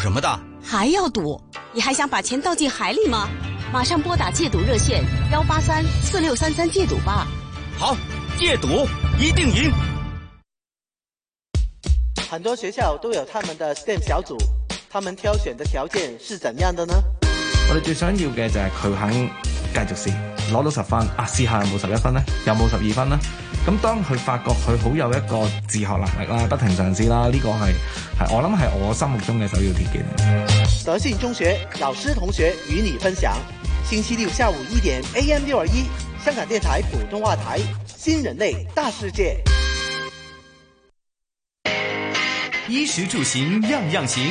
什麼的還要賭？你還想把錢倒進海裏嗎？馬上撥打戒賭熱線幺八三四六三三戒賭吧。好，戒賭一定贏。很多學校都有他們的 STEM 小組，他們挑選的條件是怎樣的呢？我哋最想要嘅就係佢肯繼續試，攞到十分啊，試下有冇十一分呢？有冇十二分呢？咁當佢發覺佢好有一個自學能力啦，不停嘗試啦，呢個係我諗係我心目中嘅首要條件。德信中學老師同學與你分享，星期六下午一點 AM 六二一香港電台普通話台《新人類大世界》，衣食住行樣樣行。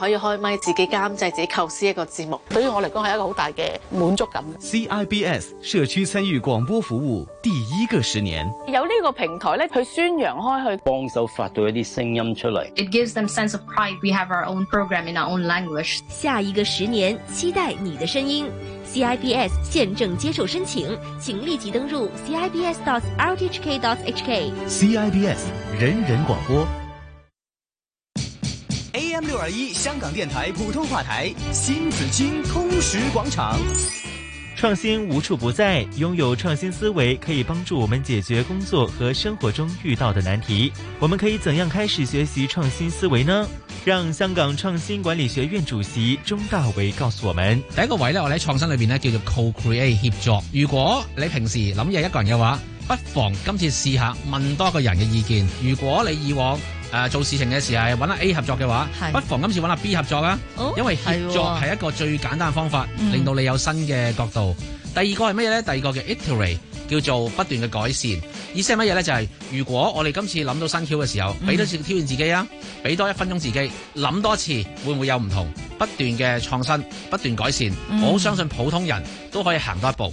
可以開麥，自己監製，自己構思一個節目，對於我嚟講係一個好大嘅滿足感。CIBS 社區參與廣播服務第一個十年，有呢個平台咧去宣揚開去，幫手發到一啲聲音出嚟。It gives them sense of pride we have our own program in our own language。下一個十年，期待你的聲音。CIBS 現正接受申請，請立即登入 c i b s out h k h k CIBS 人人廣播。三六二一香港電台普通話台，新紫清，通識廣場。創新無處不在，擁有創新思維可以幫助我們解決工作和生活中遇到的難題。我們可以怎樣開始學習創新思維呢？讓香港創新管理學院主席鍾大為告訴我們。第一個位呢，我喺創新裏邊叫做 co-create 協作。如果你平時諗嘢一個人嘅話，不妨今次試下問多個人嘅意見。如果你以往誒，做事情嘅時候揾阿 A 合作嘅話，不妨今次揾阿 B 合作啦，因為協作係一個最簡單嘅方法，令到你有新嘅角度。第二個係乜嘢呢？第二個嘅 iterate 叫做不斷嘅改善，意思係乜嘢呢？就係如果我哋今次諗到新 Q 嘅時候，俾多次挑戰自己啊，俾多一分鐘自己，諗多次會唔會有唔同？不斷嘅創新，不斷改善，我好相信普通人都可以行多一步。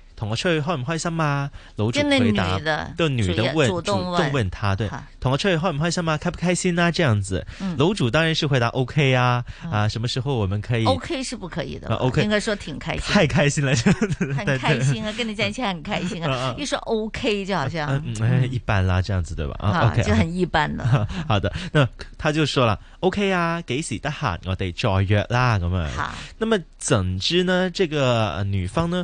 同我出去開唔開心啊？樓主回答：對女，女的問，主動問她，對，啊、同我出去開唔開心啊？開不開心啊？這樣子，嗯、樓主當然是回答 OK 啊、嗯，啊，什麼時候我們可以？OK 是不可以的、啊，OK 應該說挺開心，太開心了， 很開心啊， 對對 跟你在一起很開心啊，啊，啊，一說 OK 就好像，誒、啊，一般啦，這樣子對吧？啊、嗯、啊就很一般啦。啊、 好的，那他就說了、嗯、OK 啊，幾時得閒我哋再約啦咁樣、嗯。好，那麼總之呢，這個女方呢，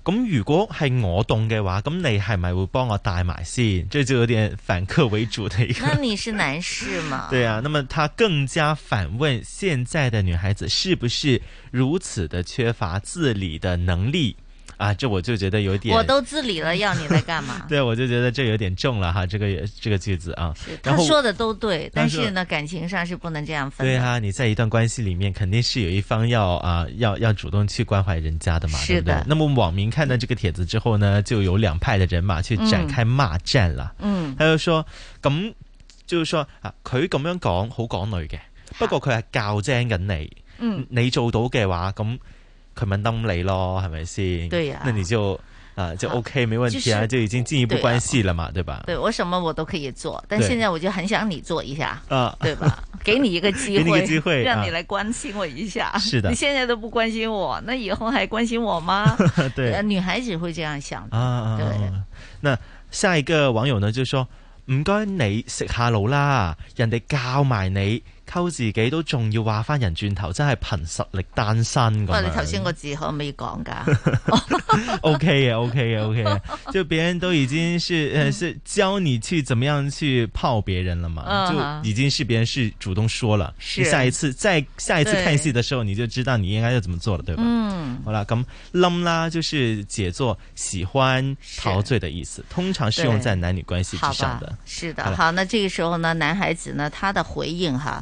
咁如果係我動嘅話，咁你係咪會幫我帶埋先？即係就有點反客為主的一個。那你是男士嘛？ 對啊，那麼他更加反問現在的女孩子是不是如此的缺乏自理的能力？啊，這我就覺得有點，我都自理了，要你來幹嘛？ 對，我就覺得這有點重了哈，這個這個句子啊是。他說的都對，但是呢，是感情上是不能這樣分的。對啊，你在一段關係裏面，肯定是有一方要啊，要要主動去關懷人家的嘛，是的對不對？那麼網民看到這個帖子之後呢，就有兩派的人馬去展開罵戰了。嗯，他就說，咁、嗯嗯嗯、就是說啊，佢咁樣講好港女嘅，不過佢係教精緊你，嗯，你做到嘅話，咁、嗯。肯當你咯，係咪先？對呀、啊，那你就啊、呃、就 OK，啊沒問題啊，就，是、就已經進一步關係了嘛對，啊，對吧？對我什麼我都可以做，但現在我就很想你做一下，啊，對吧？給你一個機會，機 會讓你來關心我一下。是、啊、的，你現在都不關心我，啊、那以後還關心我嗎？ 對，女孩子會這樣想 啊。對，那下一個網友呢，就說唔該你食下腦啦，人哋教埋你。偷自己都仲要話返人轉頭，真係憑實力單身咁。喂、哦，你頭先個字可唔可以講㗎？O K 嘅，O K 嘅，O K 就別人都已經是， 是教你去怎麼樣去泡別人了嘛、嗯？就已經是別人是主動說了。是、嗯。你下一次再下一次看戲的時候，你就知道你應該要怎麼做了，對吧？嗯。好啦，咁冧啦，就是解作喜歡、陶醉的意思，通常是用在男女關係之上的。是的，好，好，那這個時候呢，男孩子呢，他的回應哈。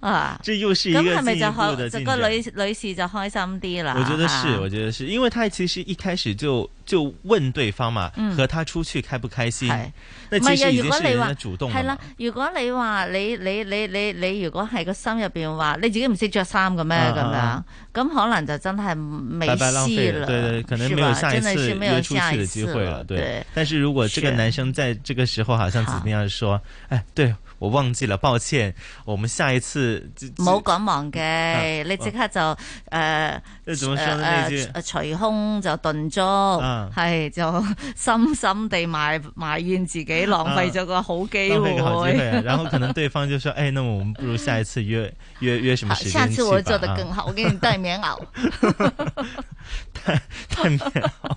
啊，這又是一個的咁係咪就，就個女女士就開心啲啦？我覺得是。啊、我覺得是因為他其實一開始就就問對方嘛、嗯，和他出去開不開心？係、嗯，那其實已經屬於主動係啦、啊，如果你話你你你你你，你如果喺個心入邊話，你自己唔識着衫嘅咩咁樣，咁可能就真係未試了，拜拜了對，對，對，可能沒有下一次約出去的機會了，的了對。對，但是如果這個男生在這個時候，好像指定要說、啊，哎，對。我忘記了，抱歉。我們下一次就唔好講忙嘅、啊，你即刻就誒誒誒，捶、啊啊啊、胸就頓足，係、啊哎、就深深地埋埋怨自己、啊、浪費咗個好機會。好機會啊、 然後可能對方就說：，誒、 哎，那麼我們不如下一次約 約約什麼時間去，下次我做得更好，我給你帶棉襖。帶帶棉襖。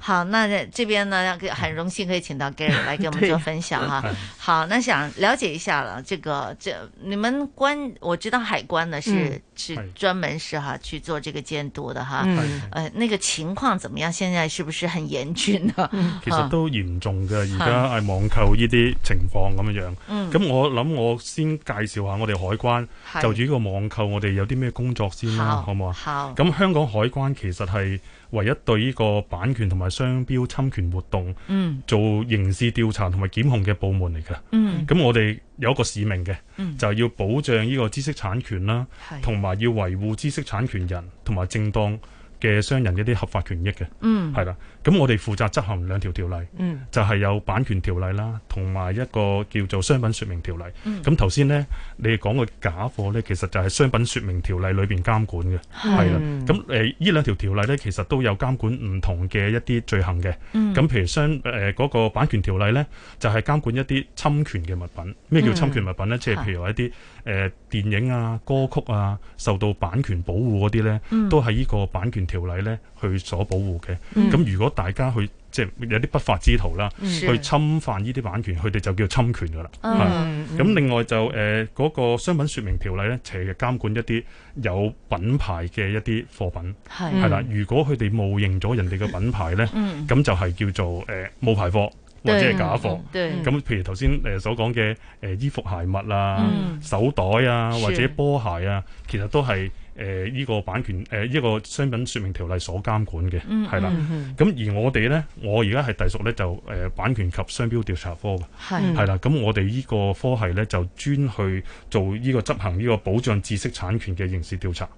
好，那這邊呢，很榮幸可以請到 Gary 來跟我們做分享哈。 好，那想了解一下了這個，這你們關，我知道海關呢、嗯、是是專門是哈去做這個監督的哈嗯。嗯。呃，那個情況怎麼樣？現在是不是很嚴峻呢？其實都嚴重嘅，而家係網購呢啲情況咁樣樣。嗯。咁我諗我先介紹下我哋海關、嗯、就住呢個網購，我哋有啲咩工作先啦，好唔好啊？好。咁香港海關其實係，唯一對呢個版權同埋商標侵權活動、嗯、做刑事調查同埋檢控嘅部門嚟㗎。咁、嗯、我哋有一個使命嘅、嗯，就係要保障呢個知識產權啦，同埋要維護知識產權人同埋正當嘅商人一啲合法權益嘅，係、嗯、啦。咁我哋負責執行兩條條例，嗯、就係、是、有版權條例啦，同埋一個叫做商品說明條例。咁頭先呢，你講嘅假貨呢，其實就係商品說明條例裏面監管嘅，係、嗯、啦。咁呢依兩條條例呢，其實都有監管唔同嘅一啲罪行嘅。咁、嗯、譬如商嗰、呃嗰個版權條例呢，就係、是、監管一啲侵權嘅物品。咩叫侵權物品呢？嗯、即係譬如話一啲誒、呃、電影啊、歌曲啊，受到版權保護嗰啲呢，嗯、都係依個版權條例呢去所保護嘅。咁、嗯、如果大家去即係有啲不法之徒啦，sure. 去侵犯呢啲版權，佢哋就叫侵權噶啦。咁、um, 另外就誒嗰、呃那個商品說明條例咧，斜嘅監管一啲有品牌嘅一啲貨品係啦、嗯。如果佢哋冒認咗人哋嘅品牌咧，咁、嗯、就係叫做誒冒、呃、牌貨或者係假貨。咁譬如頭先誒所講嘅誒衣服鞋襪啊、嗯、手袋啊、sure. 或者波鞋啊，其實都係。誒、呃、呢、這個版權誒一、呃這個商品說明條例所監管嘅，係、嗯、啦。咁、嗯嗯、而我哋呢，我而家係隸屬呢，就、呃、版權及商標調查課係啦。咁、嗯嗯、我哋呢個科係呢，就專去做呢個執行呢個保障知識產權嘅刑事調查。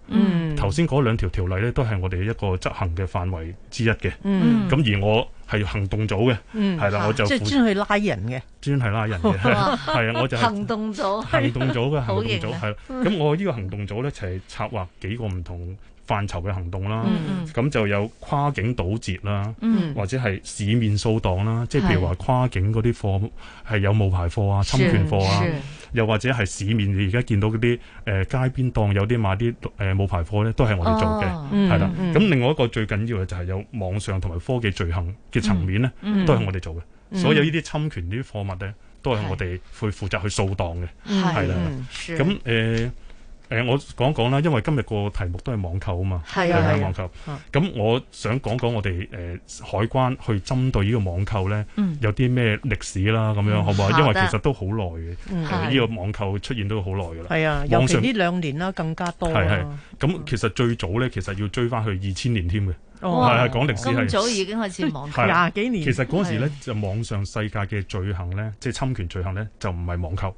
頭先嗰兩條條例呢，都係我哋一個執行嘅範圍之一嘅。咁、嗯嗯嗯、而我係行動組嘅，係啦，我就即係專去拉人嘅，專係拉人嘅，係啊，我就行動組， 行動組嘅行動組，係啦，咁我呢個行動組咧就係、是、策劃幾個唔同範疇嘅行動啦，咁、嗯、就有跨境堵截啦，嗯、或者係市面掃檔啦，嗯、即係譬如話跨境嗰啲貨係有冒牌貨啊、侵權貨啊，是又或者係市面你而家見到嗰啲誒街邊檔有啲賣啲誒冒牌貨呢，都係我哋做嘅，係、哦、啦。咁、嗯嗯、另外一個最緊要嘅就係有網上同埋科技罪行嘅層面呢，嗯、都係我哋做嘅、嗯。所有呢啲侵權啲貨物呢，都係我哋會負責去掃檔嘅，係啦。咁誒。呃、我講講啦，因為今日個題目都係網購啊嘛，呀、啊，網購。咁、啊、我想講講我哋、呃、海關去針對呢個網購咧、嗯，有啲咩歷史啦咁樣，嗯、好唔好啊、嗯？因為其實都好耐嘅，呢、嗯嗯呃呢個網購出現都好耐嘅啦。係啊，尤其呢兩年啦，更加多。係係、啊。咁其實最早咧，其實要追翻去二千年添嘅，係、哦、係、啊、講歷史係。早已經開始網購廿幾、啊、年。其實嗰時咧、啊，就網上世界嘅罪行咧，即、就、係、係、侵權罪行咧，就唔係網購。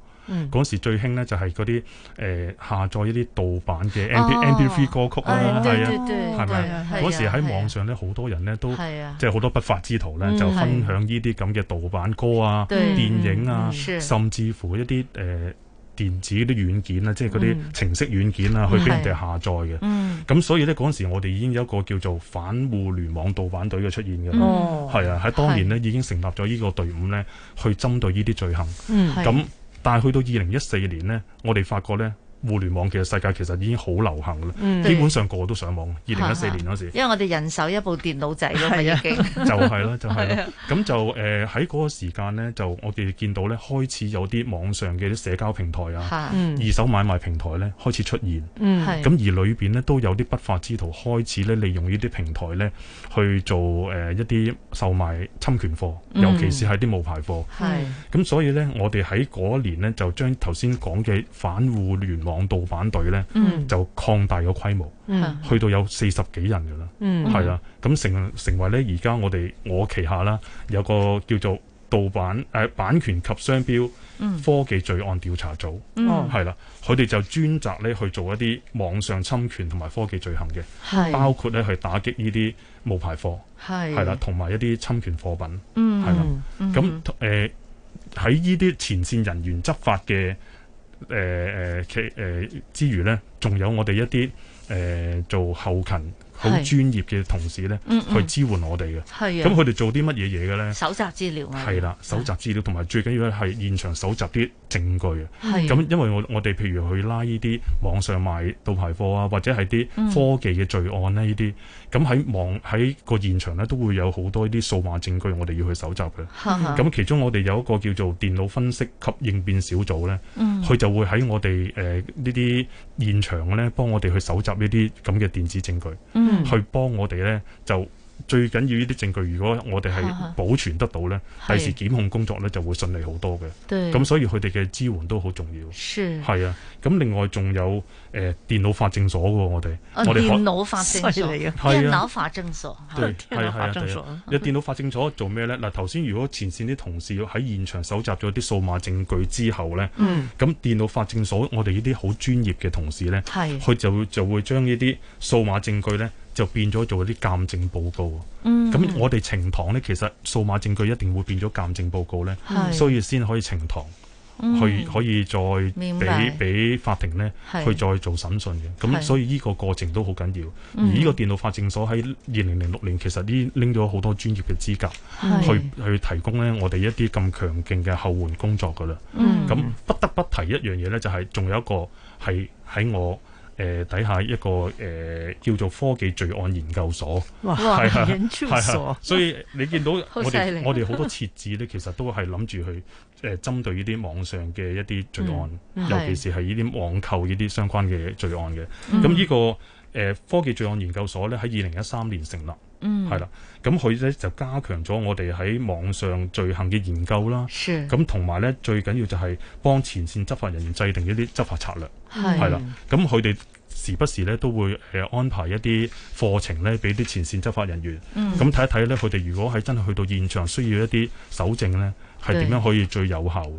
嗰、嗯、時最興呢，就係嗰啲誒下載一啲盜版嘅 M P、哦、MP3 歌曲啦，係啊，係、哎、咪？嗰時喺網上呢，好多人呢都即係好多不法之徒呢，嗯、就分享呢啲咁嘅盜版歌啊，對、電影啊，嗯、甚至乎一啲誒、呃、電子啲軟件啦、啊嗯，即係嗰啲程式軟件啦、啊嗯，去畀人哋下載嘅。咁、嗯、所以呢，嗰時我哋已經有一個叫做反互聯網盜版隊嘅出現嘅，係、哦、啊，喺當年呢，已經成立咗呢個隊伍呢，去針對呢啲罪行。咁、嗯嗯但係去到二零一四年咧，我哋發覺咧，互聯網其實世界其實已經好流行啦、嗯，基本上個個都上網。二零一四年嗰時，因為我哋人手一部電腦仔咁咪已經 就係啦，就係、是、啦。咁、啊、就喺嗰、呃、個時間呢，就我哋見到呢，開始有啲網上嘅啲社交平台啊、嗯，二手買賣平台呢開始出現。咁、嗯、而裏面呢，都有啲不法之徒開始呢，利用呢啲平台呢去做、呃、一啲售賣侵權貨，嗯、尤其是係啲冒牌貨。咁、嗯、所以呢，我哋喺嗰年呢，就將頭先講嘅反互聯網港盜版隊咧、嗯、就擴大咗規模、嗯，去到有四十幾人噶啦，係、嗯、啦，咁成成為咧而家我哋我旗下啦有個叫做盜版誒、呃、版權及商標科技罪案調查組，係、嗯、啦，佢、嗯、哋就專責咧去做一啲網上侵權同埋科技罪行嘅，包括咧去打擊呢啲冒牌貨，係啦，同埋一啲侵權貨品，係、嗯、啦，咁誒喺呢啲前線人員執法嘅。誒、呃、誒，其誒、呃、之餘咧，仲有我哋一啲誒、呃、做後勤好專業嘅同事咧、嗯嗯，去支援我哋嘅。係啊，咁佢哋做啲乜嘢嘢嘅咧？搜集資料，係啦，搜集資料，同埋最緊要係現場搜集啲證據啊。咁因為我我哋譬如去拉呢啲網上賣冒牌貨啊，或者係啲科技嘅罪案咧、啊，呢、嗯、啲。咁喺網喺個現場咧，都會有好多呢啲數碼證據，我哋要去搜集嘅。咁 其中我哋有一個叫做電腦分析及應變小組咧，佢、嗯、就會喺我哋誒呢啲現場咧，幫我哋去搜集呢啲咁嘅電子證據，嗯、去幫我哋咧就最緊要呢啲證據，如果我哋係保存得到咧，第 時檢控工作咧就會順利好多嘅。咁所以佢哋嘅支援都好重要。係啊，咁另外仲有。誒、呃、電腦法證所嘅喎，我哋、啊、我哋電腦法證所嚟嘅，電腦法證所係啊，電腦法證所。你、啊、電腦法證所做咩咧？嗱，頭先如果前線啲同事喺現場搜集咗啲數碼證據之後咧，咁、嗯、電腦法證所我哋呢啲好專業嘅同事咧，佢、嗯、就會就會將呢啲數碼證據咧就變咗做一啲鑑證報告，咁、嗯、我哋呈堂咧其實數碼證據一定會變咗鑑證報告咧、嗯，所以先可以呈堂。嗯、去可以再俾俾法庭呢，去再做審訊嘅，咁所以呢個過程都好緊要。而呢個電腦法證所喺二零零六年，其實已經拎咗好多專業嘅資格去，去去提供呢我哋一啲咁強勁嘅後援工作噶啦。咁、嗯、不得不提一樣嘢呢，就係、是、仲有一個係喺我。誒底下一個誒、呃、叫做科技罪案研究所，係所，所以你見到我哋 我哋好多設置咧，其實都係諗住去誒、呃、針對呢啲網上嘅一啲罪案、嗯，尤其是係呢啲網購呢啲相關嘅罪案嘅。咁呢、呢個誒、呃、科技罪案研究所咧，喺二零一三年成立。 嗯，係啦、嗯，咁佢咧就加強咗我哋喺網上罪行嘅研究啦，咁同埋咧最緊要就係幫前線執法人員制定一啲執法策略，係啦是，咁佢哋時不時咧都會誒安排一啲課程咧，俾啲前線執法人員，咁睇一睇咧，佢哋如果係真係去到現場需要一啲搜證咧，係點樣可以最有效，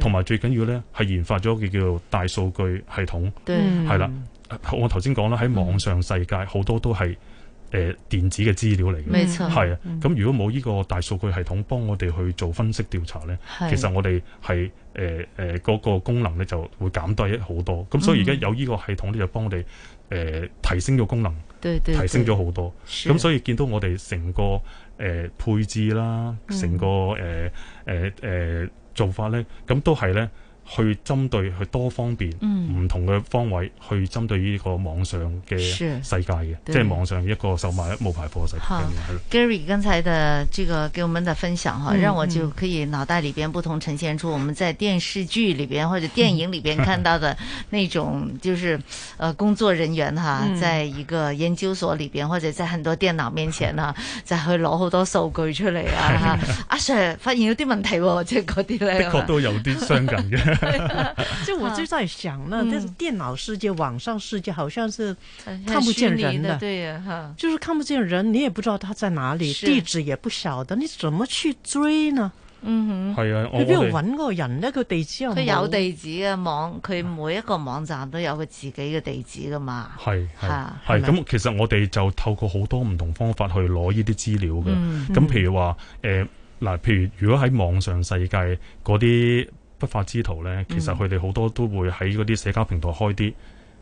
同埋對最緊要咧係研發咗個叫做大數據系統，係啦、嗯嗯嗯，我頭先講啦，喺網上世界好多都係。誒、呃、電子嘅資料嚟嘅，係、嗯、啊，咁、嗯、如果冇呢個大數據系統幫我哋去做分析調查咧，其實我哋係誒誒嗰個功能咧就會減低一好多。咁、嗯、所以而家有呢個系統咧，就幫我哋誒、呃、提升咗功能，對對對提升咗好多。咁所以見到我哋成個誒、呃、配置啦，成、嗯、個誒誒誒做法咧，咁都係咧。去針對去多方便嗯，唔同嘅方位去針對呢個網上嘅世界嘅，即係網上一個售賣冒牌貨嘅世界。Gary，剛才的這個給我們的分享哈、嗯，讓我就可以腦袋裏邊不同呈現出我們在電視劇裏邊或者電影裏邊看到的那種，就是呃工作人員哈，在一個研究所裏邊或者在很多電腦面前啊就去攞好多數據出嚟、嗯、啊！阿 Sir、啊啊啊、發現有啲問題喎、哦，即係嗰啲咧， 的確都有啲相近嘅。 即 就我就在想，呢，是但係電腦世界、嗯、網上世界，好像是看不見人的，的對呀，哈，就是看不見人、啊就是不見人，你也不知道他在哪裡，地址也不曉得，你怎麼去追呢？嗯哼，係啊，去邊度搵個人呢，佢、那個、地址又佢有地址啊，網，佢每一個網站都有佢自己嘅地址噶嘛。係係係咁，啊、其實我哋就透過好多唔同方法去攞呢啲資料嘅。咁、嗯、譬如話，誒、嗯、嗱，譬、呃、如如果喺網上世界嗰啲。那些不法之徒呢，其實佢哋好多都會喺嗰啲社交平台開啲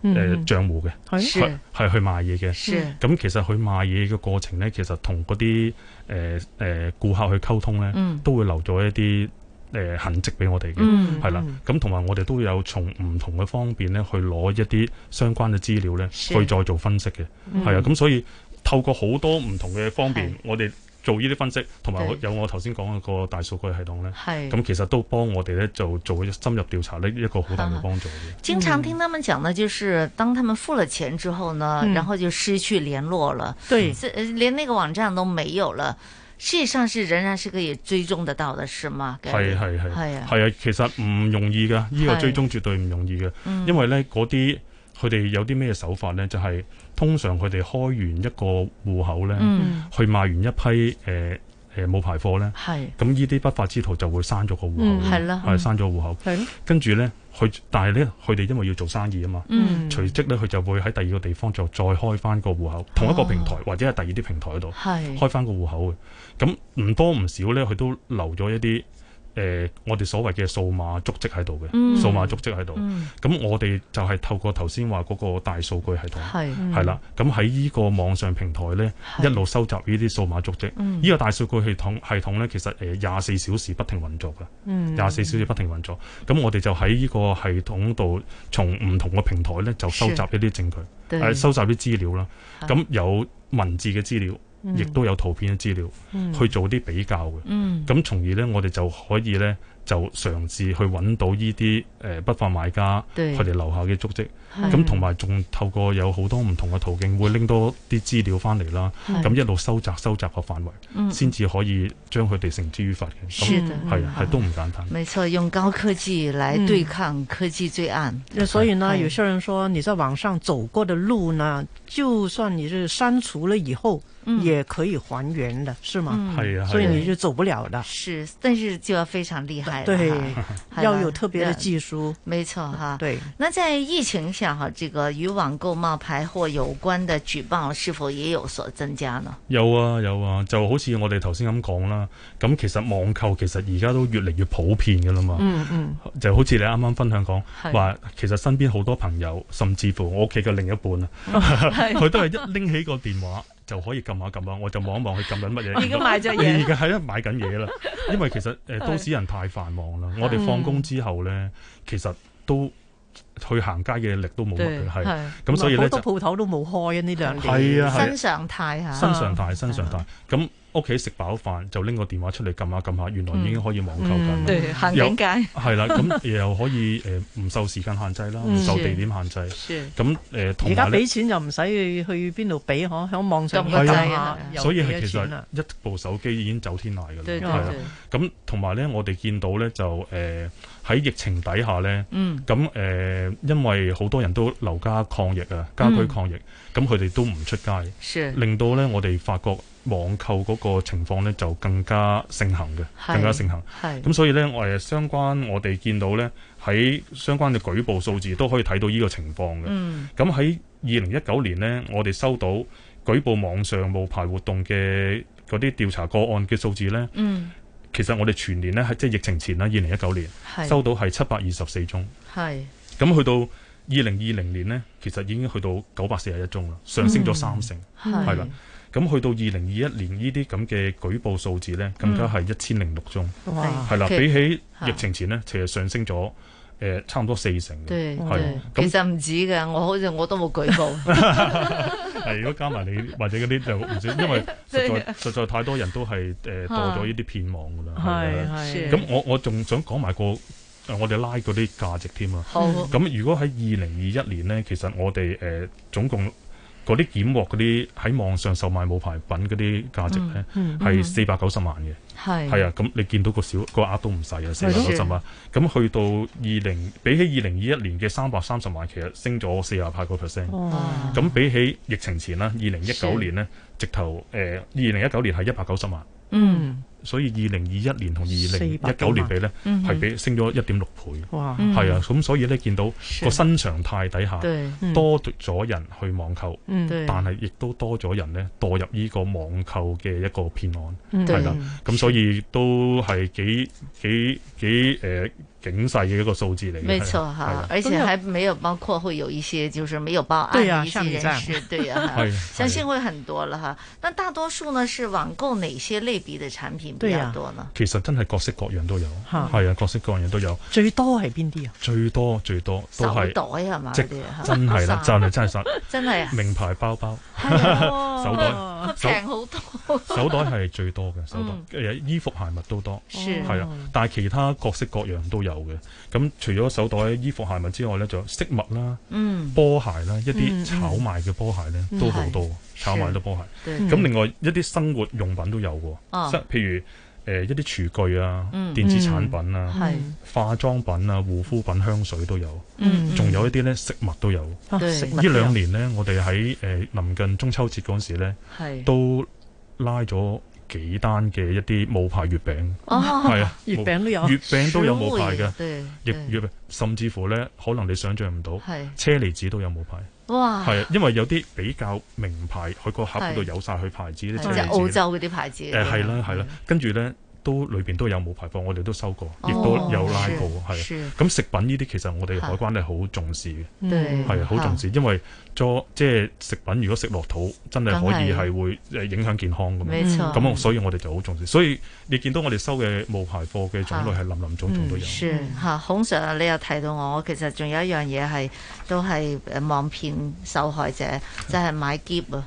誒賬戶嘅，係去，去賣嘢嘅。咁，其實佢賣嘢嘅過程呢，其實同嗰啲誒誒顧客去溝通呢、嗯，都會留咗一啲誒、呃、痕跡俾我哋嘅，係、嗯、啦。咁同埋我哋都有從唔同嘅方面呢，去攞一啲相關嘅資料呢，去再做分析嘅，係、嗯、啊。咁所以透過好多唔同嘅方面，是我哋。做呢啲分析，同埋有我頭先講個大數據系統咧，咁其實都幫我哋咧就做深入調查呢一個好大嘅幫助。之、啊、經常聽他們講呢，就是當他們付了錢之後呢、嗯，然後就失去聯絡了，對，是連那個網站都沒有了。事實上是仍然是可以追蹤得到的，是嗎？係係係係啊，其實唔容易嘅，呢、呢個追蹤絕對唔容易嘅，因為呢嗰啲。嗯佢哋有啲咩手法呢？就係、係、通常佢哋開完一個戶口呢，嗯、去賣完一批誒誒冇牌貨呢，咁呢啲不法之徒就會刪咗個戶口，係刪咗戶口。跟住呢，佢但係呢，佢哋因為要做生意啊嘛、嗯，隨即呢，佢就會喺第二個地方就再開返個戶口，同一個平台、啊、或者係第二啲平台度開返個戶口嘅。咁唔多唔少呢，佢都留咗一啲。誒，我哋所謂嘅數碼足跡喺度嘅，數碼足跡喺度。咁我哋就係透過頭先話嗰個大數據系統，係啦。咁喺依個網上平台呢，一路收集呢啲數碼足跡。呢個大數據系統系統呢，其實誒廿四小時不停運作㗎，廿四小時不停運作。咁我哋就喺呢個系統度，從唔同嘅平台呢，就收集一啲證據，誒收集啲資料啦。咁有文字嘅資料。亦、嗯、都有圖片嘅資料、嗯，去做啲比較嘅，咁、嗯、從而呢，我哋就可以呢，就嘗試去揾到呢啲誒不法買家，佢哋留下嘅足跡，咁同埋仲透過有好多唔同嘅途徑，會拎多啲資料翻嚟啦，咁一路收集收集個範圍，先至可以將佢哋繩之於法嘅。係、嗯、啊，係、嗯、都唔簡單。冇錯，用高科技嚟對抗科技罪案。嗯、所以呢、嗯，有些人說你在網上走過的路呢，就算你是刪除了以後。也可以還原的，嗯、是嗎、嗯？所以你就走不了的。是，但是就要非常厲害。對，要有特別的技術。沒錯，哈。對。那在疫情下，哈，這個與網購冒牌貨有關的舉報是否也有所增加呢？有啊，有啊，就好似我哋頭先咁講啦。咁其實網購其實而家都越嚟越普遍噶啦嘛。嗯嗯。就好似你啱啱分享講，話其實身邊好多朋友，甚至乎我屋企嘅另一半啊，佢、嗯、 都係一拎起個電話。 就可以撳下撳下，我就望一望佢撳緊乜嘢。而 家買咗嘢，而家係咯，買緊嘢啦。因為其實誒都市人太繁忙啦， 我哋放工之後咧，其實都。去行街嘅力都冇乜嘅，係咁，所以咧，好多鋪頭都冇開啊！呢兩年新常態吓，新常態新常態。咁屋企食飽飯就拎個電話出嚟撳下撳下，原來已經可以網購緊，點解？係啦。咁又可以誒，唔受時間限制啦，唔受地點限制。咁誒，而家俾錢就唔使去去邊度俾，可響網上，所以其實一部手機已經走天外嘅啦。係咁，同埋咧，我哋見到咧就誒。喺疫情底下呢，咁、嗯、誒、呃，因為好多人都留家抗疫啊，家居抗疫，咁佢哋都唔出街，令到呢我哋發覺網購嗰個情況呢就更加盛行嘅，更加盛行。咁、嗯、所以呢，我、呃、係相關，我哋見到呢喺相關嘅舉報數字都可以睇到呢個情況嘅。咁喺二零一九年呢，我哋收到舉報網上冒牌活動嘅嗰啲調查個案嘅數字呢。嗯其實我哋全年咧係即係疫情前啦，二零一九年收到係七百二十四宗，係，咁去到二零二零年呢，其實已經去到九百四十一宗啦，上升咗三成，係、嗯、啦。咁去到二零二一年呢啲咁嘅舉報數字咧，更加係一千零六宗，係啦。okay，比起疫情前呢，其實上升咗。誒差唔多四成嘅，係其實唔止㗎，我好似我都冇舉報。係如果加埋你或者嗰啲就唔少，因為實在實在太多人都係誒墮咗呢啲騙網㗎啦。係咁我我仲想講埋個我哋拉嗰啲價值添啊。咁如果喺二零二一年咧，其實我哋誒總共嗰啲檢獲嗰啲喺網上售賣冇牌品嗰啲價值咧，係四百九十萬嘅。係，啊是，咁你見到個小、個額都唔細啊，四百九十萬啊，咁的去到二零，比起二零二一年嘅三百三十萬，其實升咗四十八個 percent，咁比起疫情前啦，二零一九年呢，的直頭誒二零一九年係一百九十萬。嗯。所以二零二一年同二零一九年比呢，係、嗯、比升咗一點六倍。哇！係、嗯、啊，咁所以呢，見到個新常態底下，多咗人去網購，嗯、但係亦都多咗人呢，墮入呢個網購嘅一個騙案，係啦。咁所以都係幾是幾幾誒。呃整世嘅一個數字嚟嘅，冇錯嚇、啊啊，而且還沒有包括會有一些，就是沒有報案一些人士，對啊，相 信、啊啊啊、會很多啦嚇、啊。但大多數呢是網購哪些類別嘅產品比較多呢？啊、其實真係各式各樣都有嚇，係、嗯、啊，各式各樣都有。最多係邊啲啊？最多最多都係手袋係、啊、嘛？ 真係啦，真係 真係真、啊，真係名牌包包， 是啊、 手袋平好多，手袋係 最多嘅手袋、嗯，衣服鞋襪都多，係啊，啊，啊，但係其他各式各樣都有。嘅，咁除咗手袋、衣服鞋、鞋襪之外呢，仲有飾物啦、嗯，波鞋啦，一啲炒賣嘅波鞋呢、嗯，都好多，炒賣嘅波鞋。咁、嗯、另外一啲生活用品都有喎，譬、嗯、如誒、呃、一啲廚具啊、嗯、電子產品啊、嗯、化妝品啊、護膚品、香水都有，仲、嗯、有一啲呢，食物都有。呢、啊、兩年呢，我哋喺誒臨近中秋節嗰陣時咧，都拉咗。幾單嘅一啲冒牌月餅，係、哦、啊，月餅都有，月餅都有冒牌嘅，亦月，月甚至乎咧，可能你想像唔到，車厘子都有冒牌，係啊，因為有啲比較名牌，佢個盒嗰度有晒佢牌子啲車厘子，澳洲嗰啲牌子，誒係啦係啦，跟住咧。都裏邊都有冒牌貨，我哋都收過，亦、哦、都有拉過，係咁食品呢啲其實我哋海關係好重視嘅，係好重視，因為作即係食品如果食落肚，真係可以係會影響健康噉樣，咁啊，所以我哋就好重視。所以你見到我哋收嘅冒牌貨嘅種類係林林總總都有。嚇，洪 Sir 你又提到我，其實仲有一樣嘢係都係誒網騙受害者，即、就、係、是、買劫啊！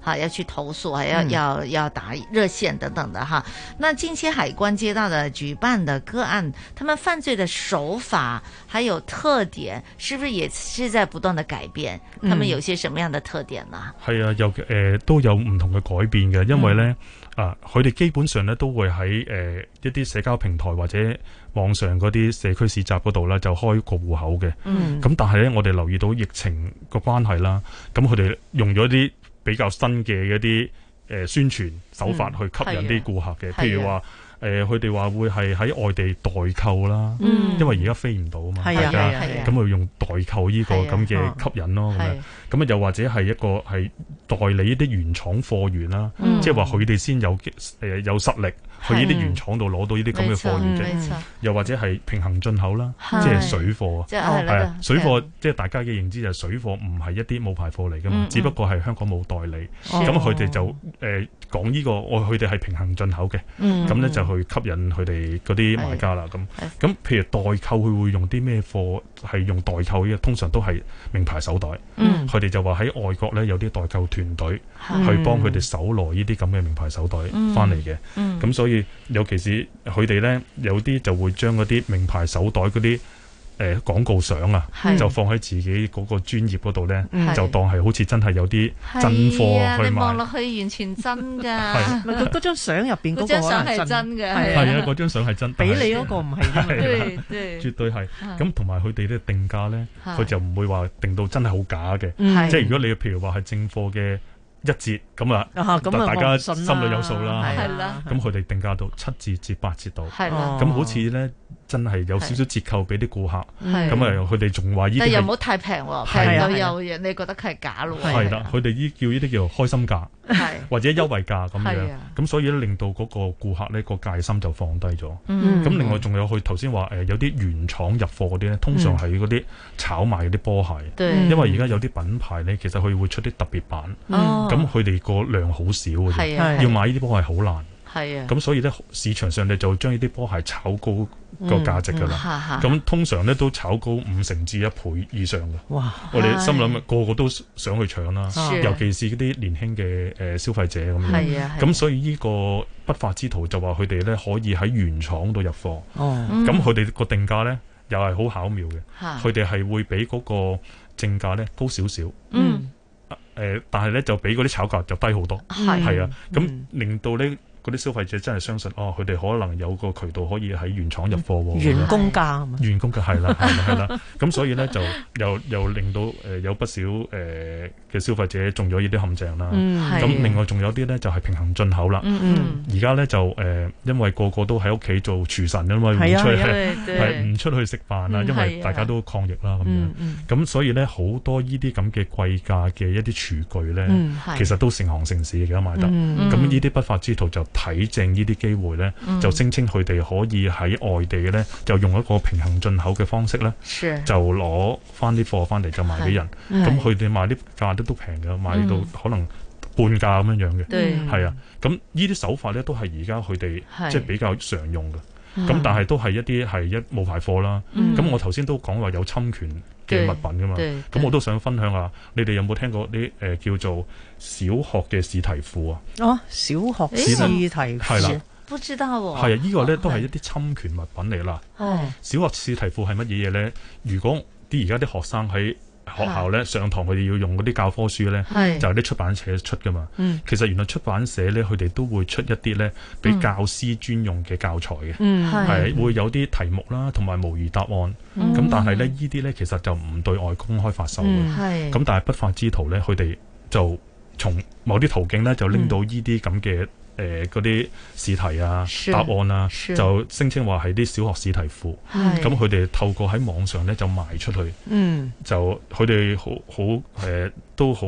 好要去投訴，要、嗯、要要、要打熱線等等的哈。那近期海關接到的舉辦的個案，他們犯罪的手法還有特點，是不是也是在不斷的改變？他們有些什麼樣的特點呢？係啊，有誒、呃、都有唔同嘅改變嘅，因為呢，嗯、啊，佢哋基本上呢都會喺誒、呃、一啲社交平台或者網上嗰啲社區市集嗰度啦，就開個戶口嘅。嗯、咁、嗯、但係呢，我哋留意到疫情嘅關係啦，咁佢哋用咗啲。比較新嘅一啲誒、呃、宣傳手法去吸引啲顧客嘅、嗯，譬如話誒，佢哋話會係喺外地代購啦，嗯、因為而家飛唔到啊嘛，係啊，咁咪用代購呢個咁嘅吸引咯，咁樣咁啊，哦、係又或者係一個係代理一啲原廠貨源啦，嗯、即係話佢哋先有誒、呃、有實力。去呢啲原廠度攞到呢啲咁嘅貨源嘅，又或者係平行進口啦、嗯，即係水貨啊，啊，哦、okay，水貨即係大家嘅認知就係水貨唔係一啲冇牌貨嚟嘅嘛，只不過係香港冇代理，咁佢哋就、哦呃講呢、這個，我佢哋係平行進口嘅，咁、嗯、呢就去吸引佢哋嗰啲買家啦。咁咁，譬如代購，佢會用啲咩貨？係用代購嘅，通常都係名牌手袋。佢、嗯、哋就話喺外國呢，有啲代購團隊去幫佢哋搜羅呢啲咁嘅名牌手袋翻嚟嘅。咁、嗯、所以尤其是佢哋呢，有啲就會將嗰啲名牌手袋嗰啲。誒、呃、廣告相啊，就放喺自己嗰個專頁嗰度咧，就當係好似真係有啲真貨去賣啊，你望落去完全真㗎。係咪嗰張相入邊嗰張相係真嘅？係啊，嗰 張相係真，俾、啊啊啊啊、你嗰個唔係、 啊。絕對係咁，同埋佢哋咧定價咧，佢、啊、就唔會話定到真係好假嘅、啊。即係如果你譬如話係正貨嘅一折咁啊，咁大家心裏有數啦。係啦、啊，咁佢哋定價到七折至八折度。係咁、啊啊、好似咧。真係有少少折扣俾啲顧客，咁啊佢哋仲話呢啲，但又唔好太平喎，又有嘢，你覺得佢係假咯喎。係啦，佢哋依叫呢啲叫開心價，或者優惠價咁樣，咁所以咧令到嗰個顧客呢個戒心就放低咗。咁、嗯、另外仲有佢頭先話誒有啲原廠入貨嗰啲咧，通常係嗰啲炒賣嗰啲波鞋，嗯、因為而家有啲品牌咧，其實佢會出啲特別版，咁佢哋個量好少嘅，要買呢啲波鞋好難。係啊，咁所以咧，市場上咧就將呢啲波鞋炒高個價值噶啦，咁、嗯嗯、通常咧都炒高五成至一倍以上嘅。哇！我哋心諗個個都想去搶啦、啊，尤其是嗰啲年輕嘅誒消費者咁、啊、樣。係啊，咁、啊、所以呢個不法之徒就話佢哋咧可以喺原廠度入貨。咁佢哋個定價咧又係好巧妙嘅，佢哋係會比嗰個正價咧高少少。嗯，誒、嗯呃，但係咧就比嗰啲炒價就低好多。係，啊，咁、啊嗯嗯、令到呢。嗰啲消費者真係相信哦，佢哋可能有個渠道可以喺原廠入貨喎，員工價啊嘛、呃，員工價係啦，係啦，係 啦，咁 所以咧就又又令到誒、呃、有不少誒嘅、呃、消費者中咗呢啲陷阱啦。咁、嗯、另外仲有啲咧就係、是、平行進口啦。而家咧就誒、呃，因為個個都喺屋企做廚神，因為，唔出去係唔、啊啊啊、出去食飯啊、嗯，因為大家都抗疫啦咁、嗯嗯、樣。咁所以咧好多呢啲咁嘅貴價嘅一啲廚具咧、嗯，其實都成行成市而家賣得。咁呢啲不法之徒就睇正呢啲機會呢，就聲稱佢哋可以喺外地呢，就用一個平行進口嘅方式呢，就攞翻啲貨翻嚟就賣俾人。咁佢哋賣啲價都都平嘅，賣、嗯、到可能半價咁樣樣嘅。係、嗯、啊，咁呢啲手法呢，都係而家佢哋即係比較常用嘅。咁、嗯、但係都係一啲係一冒牌貨啦。咁、嗯、我頭先都講話有侵權嘅物品㗎嘛。咁我都想分享下，你哋有冇聽過啲、呃、叫做？小學嘅試題庫啊！哦，小學試題係啦，不知道喎。係啊，這個、呢個咧、啊、都係一啲侵權物品嚟啦。哦，小學試題庫係乜嘢嘢咧？如果啲而家啲學生喺學校咧上堂，佢哋要用嗰啲教科書咧，就係、是、啲出版社出噶嘛。嗯，其實原來出版社咧，佢哋都會出一啲咧，俾教師專用嘅教材嘅。嗯，係，會有啲題目啦，同埋模擬答案。嗯，咁但係咧，這些呢啲咧其實就唔對外公開發售嘅。嗯，係。咁但係不法之徒咧，佢哋就從某啲途徑咧，就拎到依啲咁嘅誒嗰啲試題啊、答案啊，就聲稱話係啲小學試題庫。咁佢哋透過喺網上咧就賣出去。嗯、就佢哋好好誒都好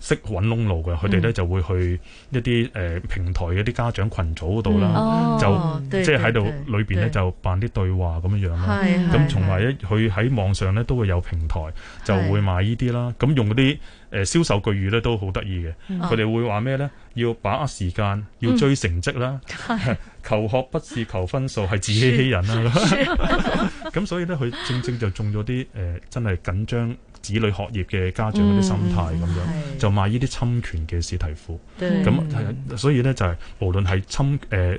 識揾窿路嘅，佢哋咧就會去一啲、呃、平台嗰啲家長群組嗰度啦，就即係喺度裏邊咧就辦啲對話咁樣樣啦。咁同埋一佢喺網上咧都會有平台就會賣依啲啦。咁用嗰啲。誒銷售句語咧都好得意嘅，佢哋會話咩咧？要把握時間，要追成績啦、嗯。求學不是求分數，係、嗯、自欺欺人啦。咁 所以咧，佢正正就中咗啲誒真係緊張子女學業嘅家長嗰啲心態咁樣、嗯，就賣呢啲侵權嘅試題庫。咁所以咧就係、是、無論係侵誒。呃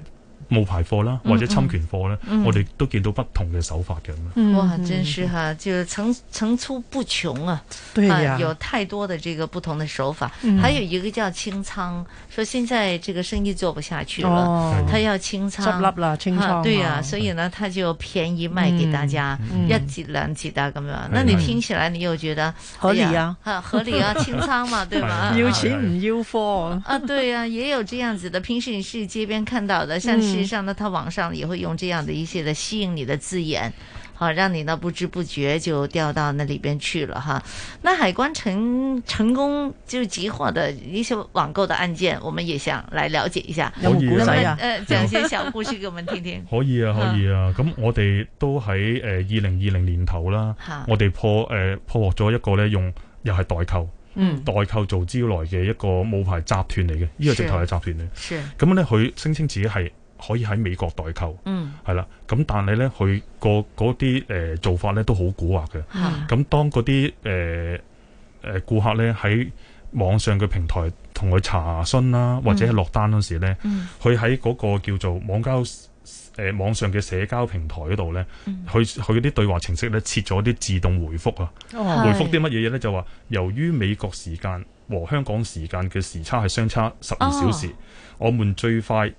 冒牌貨啦，或者侵權貨啦。嗯嗯我哋都見到不同嘅手法嘅。哇，真是嚇、啊，就層層出不窮啊，啊！啊，有太多的這個不同的手法。嗯。還有一個叫清倉，說現在這個生意做不下去了，他、哦、要清倉。執笠啦，清倉啊，啊，對啊，所以呢，他就便宜賣給大家、嗯、一折兩折啊咁樣、嗯。那你聽起來你又覺得合理啊，、哎、啊？合理啊， 清倉嘛，對吧，要錢唔要貨。 啊，對啊，也有這樣子的。平時你是街邊看到的，像。實際上呢，他網上也會用這樣的一些的吸引你的字眼，好、啊，讓你呢不知不覺就掉到那裏邊去了哈。那海關成成功就截獲的一些網購的案件，我們也想來了解一下。有故事啊，講、呃、些小故事給我們聽聽。 可以啊，可以啊。咁、 嗯、我哋都喺誒二零二零年頭啦， 我哋破誒、呃、破獲咗一個呢，用又係代購，嗯，代購做招徠嘅一個冒牌集團嚟嘅，呢、呢個直頭係集團嚟嘅。咁呢，佢聲稱自己係。可以喺美國代購，係、嗯、啦。咁但係呢，佢、嗰個嗰啲誒做法呢都好蠱惑嘅。咁當嗰啲誒誒顧客呢喺網上嘅平台同佢查詢啦、啊嗯，或者係落單嗰時咧，佢喺嗰個叫做網交誒、呃、網上嘅社交平台嗰度呢，佢佢啲對話程式呢設咗啲自動回覆啊，哦、回覆啲乜嘢嘢呢？就話，由於美國時間和香港時間嘅時差係相差十二小時、哦，我們最快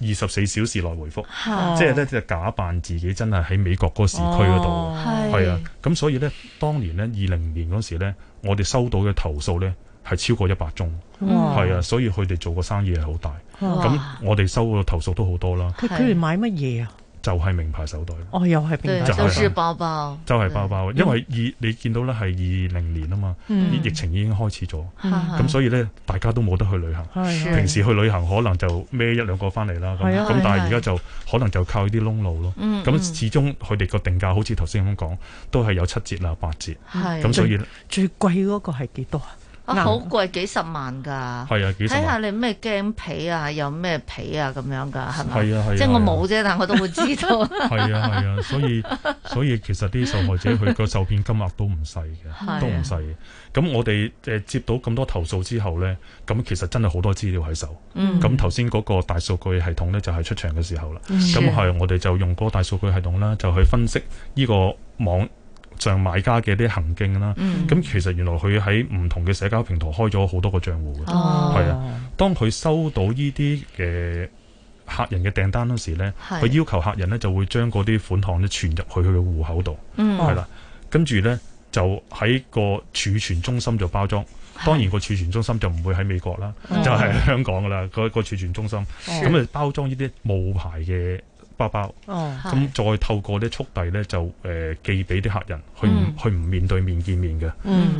二十四小時內回覆，哦、即係咧就假扮自己真係喺美國嗰個市區嗰度，係、哦、啊，咁是、嗯、所以咧，當年咧二零年嗰時咧，我哋收到嘅投訴咧係超過一百宗，係、哦、啊，所以佢哋做個生意係好大，咁我哋收個投訴都好多啦。佢哋、哦、是買乜嘢啊？就係名牌手袋，哦，又係名牌，就係包包，就係包包。因為二你見到咧係二零年啊嘛，疫情已經開始咗，咁所以咧大家都冇得去旅行。平時去旅行可能就孭一兩個翻嚟啦。咁咁但係而家就可能就靠啲窿路咯。咁始終佢哋個定價好似頭先咁講，都係有七折啦、八折。咁所以最貴嗰個係幾多啊？好、啊、貴，幾十萬噶，睇下、啊、你咩鏡皮啊，有咩皮啊咁樣噶，係咪？係啊係，即係、啊就是、我冇啫、啊，但我都會知道。係啊係啊，啊，所以， 所以所以其實啲受害者佢個受騙金額都唔細嘅，都唔細嘅。咁我哋誒接到咁多投訴之後咧，咁其實真係好多資料喺手。嗯。咁頭先嗰個大數據系統咧就係、是、出場嘅時候啦。嗯。咁係我哋就用嗰個大數據系統啦，就去分析呢個網。像係買家嘅啲行徑啦，咁其實原來佢喺唔同嘅社交平台開咗好多個賬戶，係、哦、啊。當佢收到呢啲嘅客人嘅訂單嗰時呢，佢要求客人呢就會將嗰啲款項呢存入去佢嘅戶口度，係、哦、啦。跟住呢，就喺個儲存中心就包裝，當然個儲存中心就唔會喺美國啦、哦，就係、是、香港噶啦。個個儲存中心咁啊、哦、包裝呢啲冒牌嘅，包包，咁、哦嗯、再透過啲速遞咧就、呃、寄俾啲客人去、嗯，去去唔面對面見面嘅，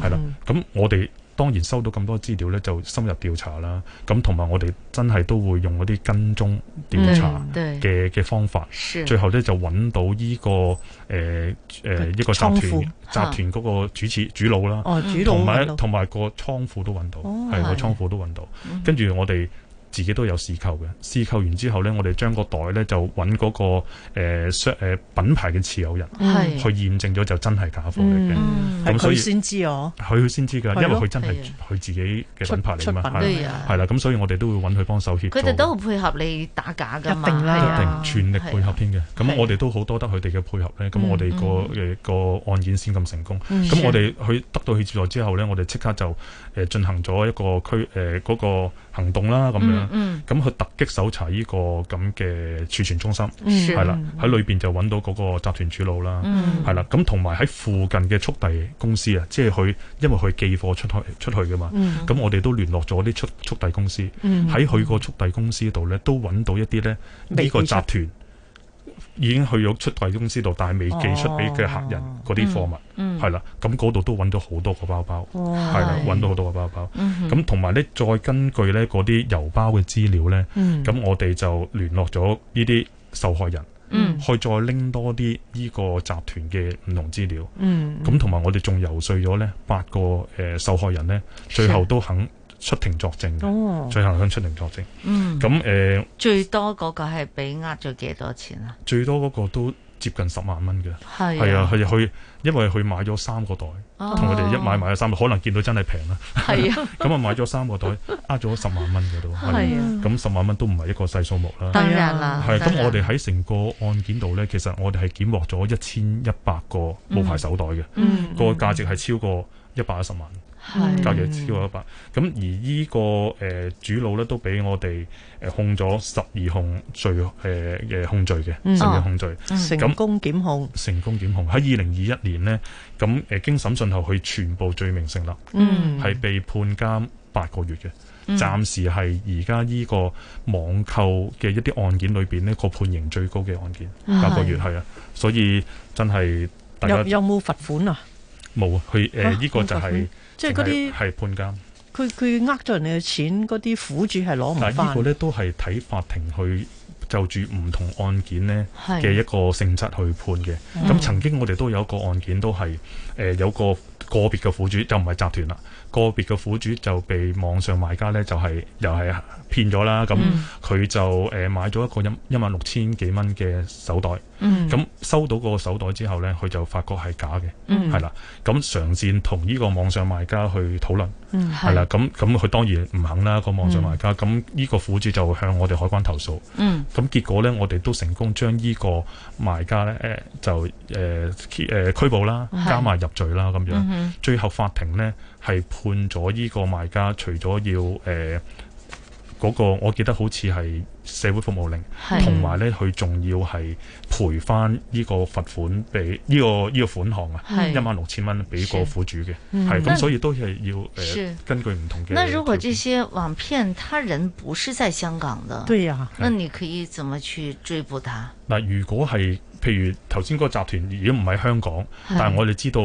係啦、嗯。咁我哋當然收到咁多資料咧，就深入調查啦。咁同埋我哋真係都會用嗰啲跟蹤調查嘅嘅、嗯、方法，最後咧就揾到依、個、呃呃、一個集團集團嗰個主持、啊、主腦啦，同埋同埋個倉庫都揾到，係個、哦、倉庫都揾到。跟、嗯、住我哋。自己都有試購嘅，試購完之後咧，我哋將個袋咧就揾嗰、那個、呃、品牌嘅持有人去驗證咗，就真係假貨嚟嘅。咁、嗯、所以佢先知喎，佢先知㗎，因為佢真係佢自己嘅品牌嚟嘛。係啦，咁所以我哋都會揾佢幫手協助。佢哋都好配合你打假㗎，一定啦，一定全力配合添嘅。咁我哋都好多得佢哋嘅配合咧，咁我哋、那個個案件先咁成功。咁、嗯嗯、我哋佢得到佢協助之後咧，我哋即刻就進行咗一個區嗰、呃那個。行動啦咁樣，咁、嗯嗯、去突擊搜查呢個咁嘅儲存中心，係啦喺裏面就揾到嗰個集團主腦啦，係、嗯、啦，咁同埋喺附近嘅速遞公司啊，即係佢因為佢寄貨出去出去嘅嘛，咁我哋都聯絡咗啲速速遞公司，喺佢個速遞公司度咧、嗯、都揾到一啲咧呢個集團。已經去咗出櫃公司度，但係未寄出俾嘅客人嗰啲貨物係啦，咁嗰度都揾到好多個包包係啦，揾到好多個包包。咁同埋咧，再根據咧嗰啲郵包嘅資料咧，咁、嗯、我哋就聯絡咗呢啲受害人，嗯、去再拎多啲呢個集團嘅唔同資料。咁同埋我哋仲遊說咗咧八個誒、呃、受害人咧，最後都肯。出庭作證、哦，最後響出庭作證。嗯，咁誒、呃，最多嗰個係俾呃咗幾多錢啊？最多嗰個都接近十萬蚊嘅，係啊，係啊，去因為佢買咗三個袋，同我哋一買買咗三個，可能見到真係平啦，係啊，咁 啊買咗三個袋，呃咗十萬蚊嘅都，係啊，咁十、啊、萬蚊都唔係一個細數目啦，得啦、啊，係、啊，咁、啊啊啊啊、我哋喺成個案件度咧，其實我哋係檢獲咗一千一百個冒牌手袋嘅，嗯，嗯，這個價值係超過一百一十萬。係價值超過一百咁，而依、這個誒、呃、主腦咧都俾我哋誒控咗十二項控罪誒誒控罪嘅十二控罪，成功檢控成功檢控喺二零二一年呢，咁誒、呃、經審訊後，佢全部罪名成立，係、嗯、被判監八個月嘅、嗯。暫時係而家依個網購嘅一啲案件裏邊呢個判刑最高嘅案件八個月係啊，所以真係大家有冇罰款啊？冇，佢誒依個就係、是。即係嗰啲係判監，佢佢呃咗人哋嘅錢，嗰啲苦主係攞唔翻。個呢個咧都係睇法庭去就住唔同案件咧嘅一個性質去判嘅。咁曾經我哋都有一個案件都係，都係誒有個個別嘅苦主，就唔係集團啦。個別嘅苦主就被網上買家咧就係、是、又係騙咗啦，咁佢、嗯、就誒、呃、買咗一個一萬六千幾蚊嘅手袋，咁、嗯、收到個手袋之後咧，佢就發覺係假嘅，係、嗯、啦，咁嘗試同呢個網上賣家去討論，係、嗯、啦，咁咁佢當然唔肯啦個網上賣家，咁、嗯、呢個苦主就向我哋海關投訴，咁、嗯、結果咧我哋都成功將呢個賣家咧誒就誒誒、呃、拘捕啦，加埋入罪啦咁樣，嗯、最後法庭咧。係判咗依個賣家，除咗要誒嗰、呃那個，我記得好似係社會服務令，同埋咧佢仲要係賠翻呢個罰款，俾、這、呢個依、這個款項啊，萬一萬六千蚊俾個苦主嘅，係咁、嗯，所以都係要誒、呃、根據唔同嘅。那如果這些網騙他人不是在香港的，對呀、啊，那你可以怎麼去追捕他？嗱、嗯，如果係譬如頭先嗰個集團如果唔喺香港，但係我哋知道。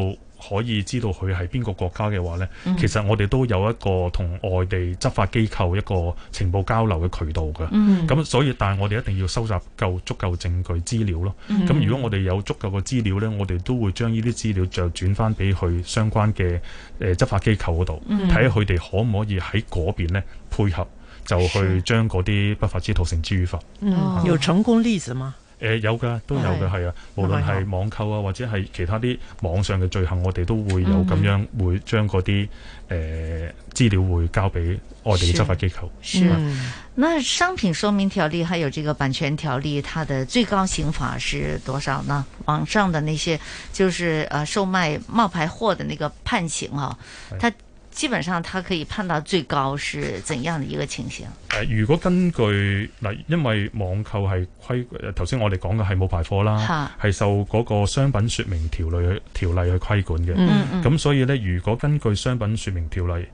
可以知道佢係邊個國家嘅話咧，其實我哋都有一個同外地執法機構一個情報交流嘅渠道嘅。咁所以，但係我哋一定要收集夠足夠證據資料咯。咁、嗯、如果我哋有足夠嘅資料咧，我哋都會將呢啲資料再轉翻俾佢相關嘅誒執法機構嗰度，睇下佢哋可唔可以喺嗰邊咧配合，就去將嗰啲不法之徒繩之於法。哦嗯、有成功例子嗎？欸、有噶，都有嘅係啊，無論係網購啊，或者係其他啲網上嘅罪行，我哋都會有咁樣會將嗰啲誒資料會交俾外地嘅執法機構。是，是、嗯，那商品說明條例，還有這個版權條例，它的最高刑法是多少呢？網上的那些就是呃，售賣冒牌貨的那個判刑啊，它。基本上，他可以判到最高是怎樣的一個情形？誒、呃，如果根據嗱，因為網購係規，頭先我哋講嘅係冇牌貨啦，係受嗰個商品說明條例條例，去規管嘅。咁、嗯嗯、所以呢，如果根據商品說明條例，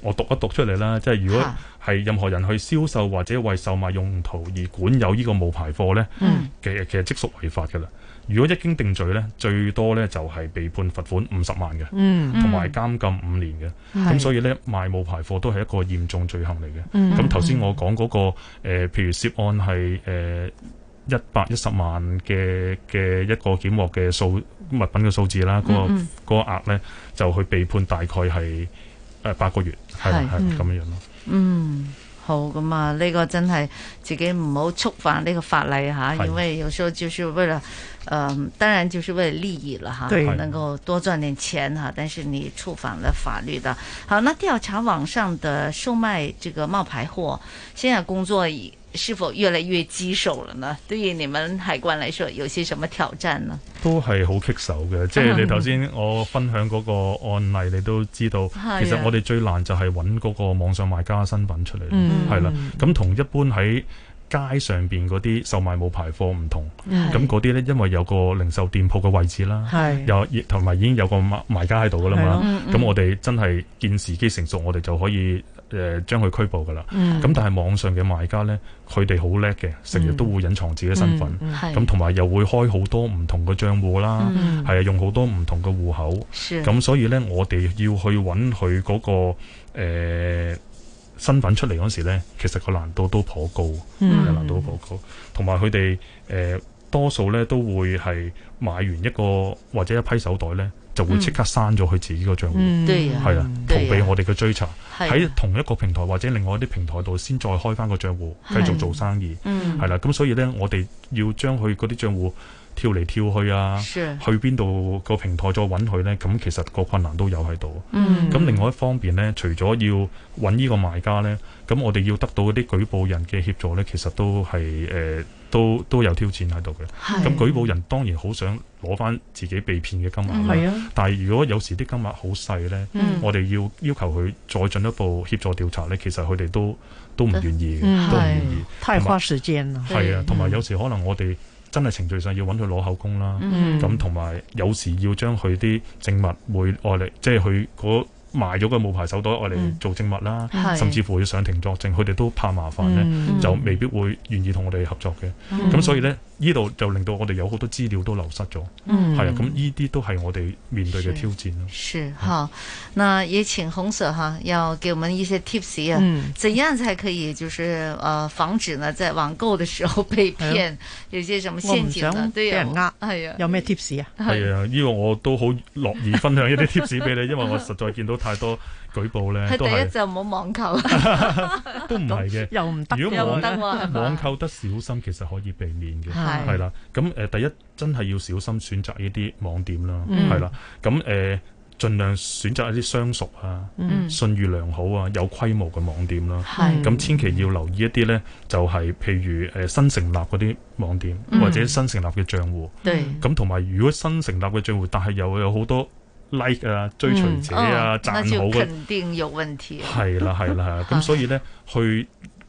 我讀一讀出嚟啦，即係如果係任何人去銷售或者為售賣用途而管有呢個冇牌貨呢，其、嗯、其實即屬違法噶啦。如果一經定罪咧，最多咧就係被判罰款五十萬嘅，嗯，同、嗯、埋監禁五年嘅。咁所以咧賣冒牌貨都係一個嚴重罪行嚟嘅。咁頭先我講嗰、嗰個、呃、譬如涉案係一百一十萬嘅嘅一個檢獲嘅數物品嘅數字啦，嗰、嗰個嗰、嗯嗯嗰個、額咧就去被判大概係八、呃、個月，係係咁樣樣咯。嗯，好咁啊，呢、呢個真係自己唔好觸犯呢個法例嚇、啊，因為有少少少不嗯，當然就是為了利益了哈，對，能夠多賺點錢哈。但是你觸犯了法律的，好，那調查網上的售賣這個冒牌貨，現在工作是否越來越棘手了呢？對於你們海關來說，有些什麼挑戰呢？都係好棘手嘅，即係你頭先我分享嗰個案例，嗯，你都知道，其實我哋最難就係揾嗰個網上賣家身份出嚟，係、嗯、啦，咁同一般喺。街上邊嗰啲售賣冇牌貨唔同，咁嗰啲咧，因為有個零售店鋪嘅位置啦，係又同埋已經有個賣賣家喺度噶啦嘛，咁、啊嗯嗯、我哋真係見時機成熟，我哋就可以誒將佢拘捕噶啦。咁、嗯、但係網上嘅賣家咧，佢哋好叻嘅，成日都會隱藏自己嘅身份，咁同埋又會開好多唔同嘅賬戶啦，係、嗯、啊，用好多唔同嘅戶口。咁所以咧，我哋要去揾佢嗰個誒。呃身份出嚟嗰時呢，其實個難度都頗高，個、嗯、難度都頗高。同埋佢哋誒多數呢都會係買完一個或者一批手袋呢，就會即刻刪咗佢自己個賬戶，係啊，逃避我哋嘅追查。喺呀同一個平台或者另外一啲平台度先再開翻個賬戶，繼續做生意，係啦。咁、嗯、所以呢，我哋要將佢嗰啲賬戶。跳嚟跳去啊，去邊度個平台再揾佢呢？咁其實個困難都有喺度。嗯，咁另外一方面呢，除咗要揾呢個賣家呢，咁我哋要得到嗰啲舉報人嘅協助呢，其實都係誒、呃、都都有挑戰喺度嘅。咁、啊、舉報人當然好想攞翻自己被騙嘅金額、嗯啊，但係如果有時啲金額好細呢，嗯、我哋要要求佢再進一步協助調查呢，其實佢哋都都唔願意，都唔願意、嗯啊、意。太花時間啦。係啊，同埋有，有時可能我哋。真係程序上要揾佢攞口供啦，咁同埋有時要將佢啲證物會外嚟，即係佢嗰。賣咗個冒牌手袋，我哋做證物啦，甚至乎要上庭作證，佢哋都怕麻煩咧、嗯，就未必會願意同我哋合作嘅。咁、嗯嗯、所以呢呢度就令到我哋有好多資料都流失咗，係、嗯、啊。咁呢啲都係我哋面對嘅挑戰咯。是哈，嗱，也請洪 sir 哈，要給我們一些 tips 啊、嗯，怎樣才可以就是、呃、防止呢？在網購的時候被騙、啊，有些什麼陷阱啊，俾人呃係啊？有咩 tips 啊？係啊，呢、這個我都好樂意分享一啲 tips 俾你， 因為我實在見到。太多舉報咧，都係。佢第一就唔好網購， 都唔係嘅， 又唔得。如果網購、啊、得小心，其實可以避免嘅，係啦。咁誒、呃，第一真係要小心選擇呢啲網店啦，係、嗯、啦。咁誒，儘、呃、量選擇一啲相熟啊、信譽良好啊、有規模嘅網店啦。係、嗯。咁千祈要留意一啲咧，就係、是、譬如誒、呃、新成立嗰啲網店、嗯、或者新成立嘅賬戶。對。咁同埋，如果新成立嘅賬戶，但係又有好多。like 啊，追隨者啊，讚、嗯哦、好嘅、肯定有問題啊，係啦，係啦，係啦，咁 所以咧，去。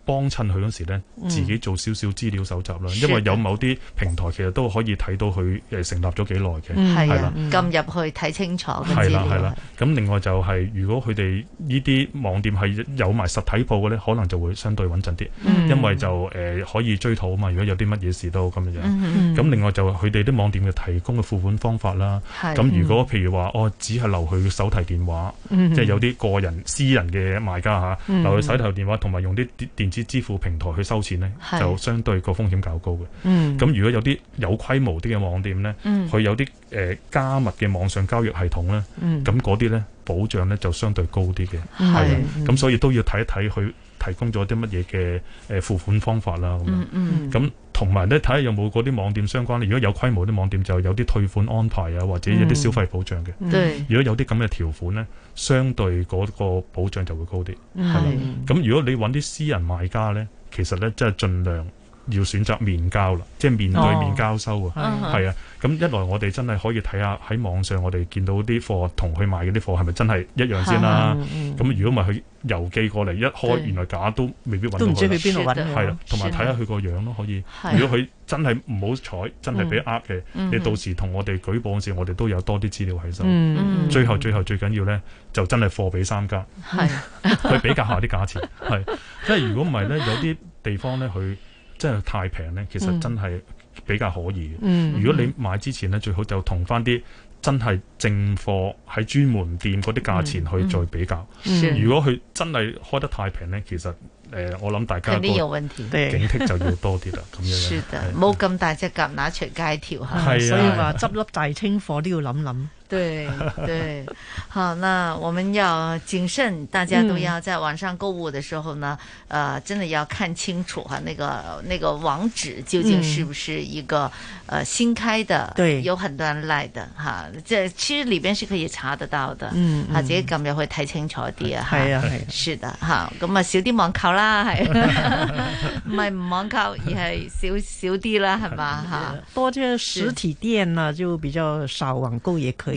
幫襯佢嗰時呢，自己做少少資料搜集啦、嗯，因為有某啲平台其實都可以睇到佢成立咗幾耐嘅，係、嗯、啦，撳入、嗯、去睇清楚。係啦係啦，咁另外就係、係、如果佢哋呢啲網店係有埋實體鋪嘅呢，可能就會相對穩陣啲、嗯，因為就、呃、可以追討啊嘛。如果有啲乜嘢事都咁樣，咁、嗯嗯、另外就佢哋啲網店嘅提供嘅付款方法啦，咁、嗯、如果譬如話哦，只係留佢手提電話，嗯、即係有啲個人、嗯、私人嘅賣家下留佢手提電話同埋用啲電電。支付平台去收錢呢，就相對個風險較高嘅。嗯，咁如果有啲有規模啲嘅網店呢，佢、嗯、有啲誒、呃、加密嘅網上交易系統呢，咁嗰啲呢，保障呢就相對高啲嘅。係啊，咁所以都要睇一睇佢提供咗啲乜嘢嘅誒付款方法啦。咁樣，咁、嗯。嗯同埋咧，睇下有冇嗰啲網店相關。如果有規模啲網店，就有啲退款安排啊，或者有啲消費保障嘅、嗯。如果有啲咁嘅條款咧，相對嗰個保障就會高啲。係，咁如果你揾啲私人賣家咧，其實咧真係盡量要選擇面交啦，即係面對面交收、哦、啊，係啊。咁一來，我哋真係可以睇下喺網上我，我哋見到啲貨同佢買嘅啲貨係咪真係一樣先、啊、啦？咁如果唔係佢郵寄過嚟一開原來假，都未必搵到佢，都唔知去邊度揾係啦，同埋睇下佢個樣咯，可以。如果佢真係唔好彩，真係俾呃嘅，你到時同我哋舉報嘅時，我哋都有多啲資料喺身。最後最後最緊要咧，就真係貨比三家。係，去 比較下啲價錢。係， 即係如果唔係咧，有啲地方咧，佢真係太平咧，其實真係。嗯比較可以。如果你買之前咧，最好就同翻啲真係正貨喺專門店嗰啲價錢去再比較。嗯嗯嗯、如果佢真係開得太平呢，其實誒、呃，我諗大家肯定有問題，警惕就要多啲啦。咁樣冇咁、嗯嗯、大隻蛤乸出街條嚇，的所以話執笠大清貨都要諗諗。 對對，好，那我們要謹慎，大家都要在網上購物的時候呢、嗯，呃，真的要看清楚哈、啊，那個那個網址究竟是不是一個、嗯、呃新開的，對，有很多人賴的哈、啊。這其實裏邊是可以查得到的，嗯，啊，自己撳入去睇清楚啲、嗯、啊，係啊，係、哎，是的，哈、哎，咁啊少啲網購啦，係， 唔係唔網購，而係少少啲啦，係嘛，哈，多啲實體店呢就比較少網購也可以。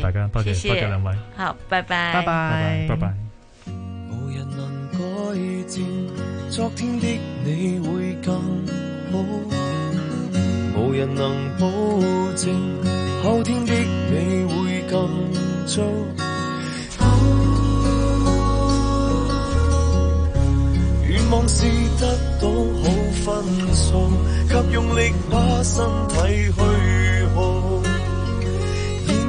大家多謝，謝，多謝，謝，謝，謝兩位，好，拜拜，拜拜，拜拜。拜拜。無人能改正，昨天的你會更好。無人能保證，後天的你會更糟。願望是得到好分數，及用力把身體去好。